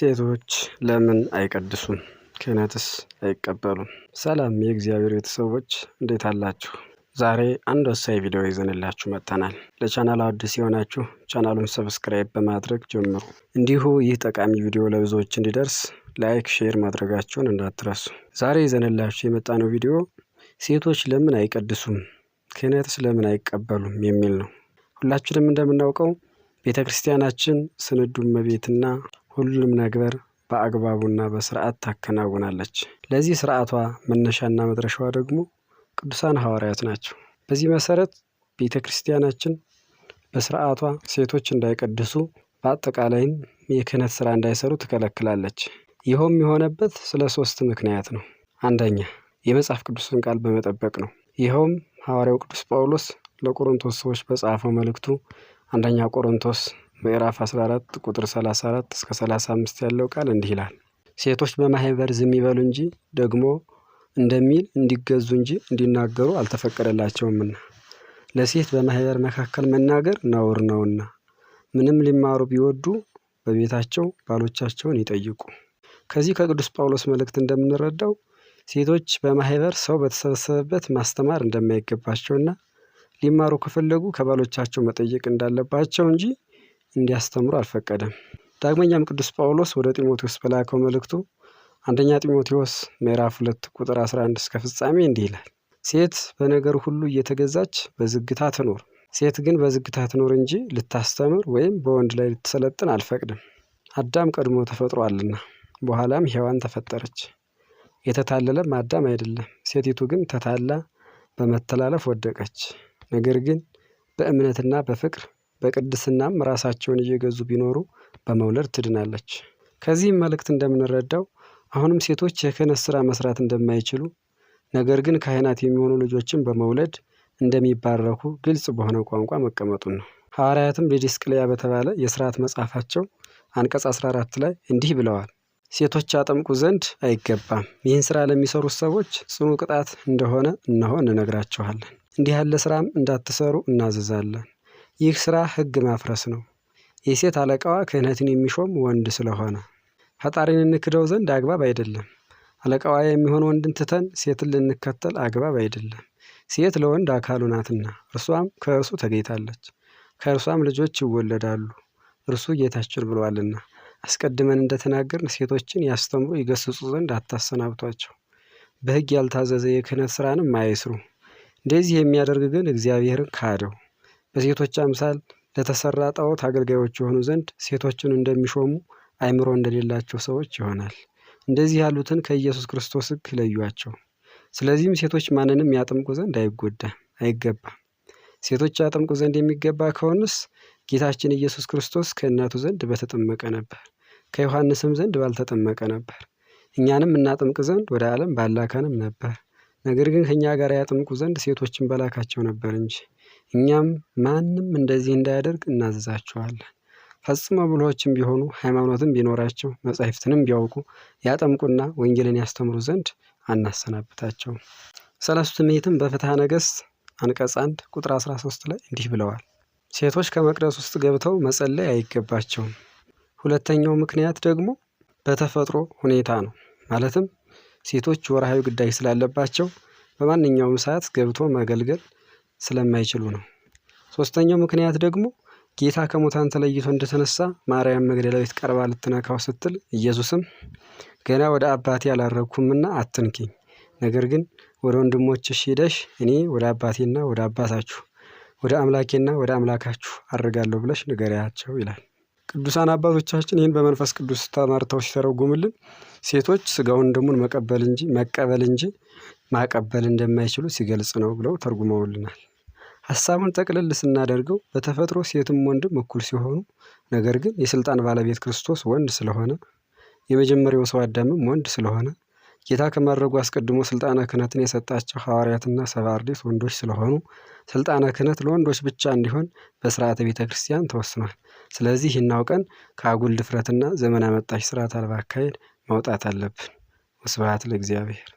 ሴቶች ለምን አይቀድሱም ክህነትስ አይቀበሉም? ሰላም የእግዚአብሔር ቤተሰቦች እንዴት አላችሁ? ዛሬ አንድ ወሳኝ ቪዲዮ ይዘንላችሁ መጥተናል። ለቻናል አዲስ የሆናችሁ ቻናሉን ሰብስክራይብ በማድረግ ጀምሩ። እንዲሁ ይህ ጠቃሚ ቪዲዮ ለብዙዎች እንዲደርስ ላይክ፣ ሼር ማድረጋችሁን እንዳትረሱ። ዛሬ ይዘንላችሁ የመጣነው ቪዲዮ ሴቶች ለምን አይቀድሱም ክህነትስ ለምን አይቀበሉም የሚል ነው። ሁላችንም እንደምናውቀው ቤተ ክርስቲያናችን ስንዱ እመቤትና ሁሉንም ነገር በአግባቡና በስርዓት ታከናውናለች። ለዚህ ስርዓቷ መነሻና መድረሻዋ ደግሞ ቅዱሳን ሐዋርያት ናቸው። በዚህ መሰረት ቤተ ክርስቲያናችን በስርዓቷ ሴቶች እንዳይቀድሱ በአጠቃላይም የክህነት ስራ እንዳይሰሩ ትከለክላለች። ይኸውም የሆነበት ስለ ሶስት ምክንያት ነው። አንደኛ የመጽሐፍ ቅዱስን ቃል በመጠበቅ ነው። ይኸውም ሐዋርያው ቅዱስ ጳውሎስ ለቆሮንቶስ ሰዎች በጻፈው መልእክቱ አንደኛ ቆሮንቶስ ምዕራፍ 14 ቁጥር 34 እስከ 35 ያለው ቃል እንዲህ ይላል። ሴቶች በማህበር ዝም ይበሉ እንጂ ደግሞ እንደሚል እንዲገዙ እንጂ እንዲናገሩ አልተፈቀደላቸውምና ለሴት በማህበር መካከል መናገር ነውር ነውና ምንም ሊማሩ ቢወዱ በቤታቸው ባሎቻቸውን ይጠይቁ። ከዚህ ከቅዱስ ጳውሎስ መልእክት እንደምንረዳው ሴቶች በማህበር ሰው በተሰበሰበበት ማስተማር እንደማይገባቸውና ሊማሩ ከፈለጉ ከባሎቻቸው መጠየቅ እንዳለባቸው እንጂ እንዲያስተምሩ አልፈቀደም። ዳግመኛም ቅዱስ ጳውሎስ ወደ ጢሞቴዎስ በላከው መልእክቱ አንደኛ ጢሞቴዎስ ምዕራፍ ሁለት ቁጥር 11 እስከ ፍጻሜ እንዲህ ይላል፣ ሴት በነገር ሁሉ እየተገዛች በዝግታ ትኖር። ሴት ግን በዝግታ ትኖር እንጂ ልታስተምር ወይም በወንድ ላይ ልትሰለጥን አልፈቅድም። አዳም ቀድሞ ተፈጥሯልና፣ በኋላም ሔዋን ተፈጠረች። የተታለለም አዳም አይደለም፣ ሴቲቱ ግን ተታላ በመተላለፍ ወደቀች። ነገር ግን በእምነትና በፍቅር በቅድስናም ራሳቸውን እየገዙ ቢኖሩ በመውለድ ትድናለች። ከዚህም መልእክት እንደምንረዳው አሁንም ሴቶች የክህነት ስራ መስራት እንደማይችሉ ነገር ግን ካህናት የሚሆኑ ልጆችን በመውለድ እንደሚባረኩ ግልጽ በሆነ ቋንቋ መቀመጡን ነው። ሐዋርያትም ዲድስቅልያ በተባለ የስርዓት መጽሐፋቸው አንቀጽ 14 ላይ እንዲህ ብለዋል፣ ሴቶች አጠምቁ ዘንድ አይገባም፣ ይህን ስራ ለሚሰሩት ሰዎች ጽኑ ቅጣት እንደሆነ እነሆ እንነግራችኋለን። እንዲህ ያለ ስራም እንዳትሰሩ እናዘዛለን። ይህ ስራ ህግ ማፍረስ ነው። የሴት አለቃዋ ክህነትን የሚሾም ወንድ ስለሆነ ፈጣሪን እንክደው ዘንድ አግባብ አይደለም። አለቃዋ የሚሆን ወንድን ትተን ሴትን ልንከተል አግባብ አይደለም። ሴት ለወንድ አካሉ ናትና እርሷም ከእርሱ ተገኝታለች። ከእርሷም ልጆች ይወለዳሉ። እርሱ ጌታችን ብሏልና አስቀድመን እንደተናገርን ሴቶችን ያስተምሩ ይገስጹ ዘንድ አታሰናብቷቸው። በህግ ያልታዘዘ የክህነት ስራንም አይስሩ። እንደዚህ የሚያደርግ ግን እግዚአብሔርን ካደው በሴቶች አምሳል ለተሰራ ጣዖት አገልጋዮች የሆኑ ዘንድ ሴቶችን እንደሚሾሙ አእምሮ እንደሌላቸው ሰዎች ይሆናል። እንደዚህ ያሉትን ከኢየሱስ ክርስቶስ ሕግ ለዩአቸው። ስለዚህም ሴቶች ማንንም ያጠምቁ ዘንድ አይጎዳ አይገባም። ሴቶች ያጠምቁ ዘንድ የሚገባ ከሆንስ ጌታችን ኢየሱስ ክርስቶስ ከእናቱ ዘንድ በተጠመቀ ነበር፣ ከዮሐንስም ዘንድ ባልተጠመቀ ነበር። እኛንም እናጠምቅ ዘንድ ወደ ዓለም ባላካንም ነበር። ነገር ግን ከእኛ ጋር ያጠምቁ ዘንድ ሴቶችን በላካቸው ነበር እንጂ እኛም ማንም እንደዚህ እንዳያደርግ እናዝዛቸዋለን። ፈጽሞ ብልሆችም ቢሆኑ ሃይማኖትም ቢኖራቸው መጻሕፍትንም ቢያውቁ ያጠምቁና ወንጌልን ያስተምሩ ዘንድ አናሰናብታቸውም። ሰለስቱ ምዕትም በፍትሐ ነገሥት አንቀጽ 1 ቁጥር 13 ላይ እንዲህ ብለዋል። ሴቶች ከመቅደስ ውስጥ ገብተው መጸለይ አይገባቸውም። ሁለተኛው ምክንያት ደግሞ በተፈጥሮ ሁኔታ ነው። ማለትም ሴቶች ወርሃዊ ግዳጅ ስላለባቸው በማንኛውም ሰዓት ገብቶ መገልገል ስለማይችሉ ነው። ሶስተኛው ምክንያት ደግሞ ጌታ ከሙታን ተለይቶ እንደተነሳ ማርያም መግደላዊት ቀርባ ልትነካው ስትል ኢየሱስም ገና ወደ አባቴ አላረግኩምና አትንኪኝ፣ ነገር ግን ወደ ወንድሞችሽ ሄደሽ እኔ ወደ አባቴና ወደ አባታችሁ ወደ አምላኬና ወደ አምላካችሁ አድርጋለሁ ብለሽ ንገሪያቸው ይላል። ቅዱሳን አባቶቻችን ይህን በመንፈስ ቅዱስ ተማርተው ሲተረጉምልን ሴቶች ስጋውን ደሙን መቀበል እንጂ መቀበል እንጂ ማቀበል እንደማይችሉ ሲገልጽ ነው ብለው ተርጉመውልናል። ሀሳቡን ጠቅልል ስናደርገው በተፈጥሮ ሴትም ወንድም እኩል ሲሆኑ ነገር ግን የስልጣን ባለቤት ክርስቶስ ወንድ ስለሆነ የመጀመሪያው ሰው አዳምም ወንድ ስለሆነ ጌታ ከማድረጉ አስቀድሞ ስልጣነ ክህነትን የሰጣቸው ሐዋርያትና ሰባ አርድእት ወንዶች ስለሆኑ ስልጣነ ክህነት ለወንዶች ብቻ እንዲሆን በስርዓተ ቤተ ክርስቲያን ተወስኗል። ስለዚህ ይህን ከአጉል ድፍረትና ዘመን አመጣሽ ስርዓት አልባ አካሄድ መውጣት አለብን። ወስብሐት ለእግዚአብሔር።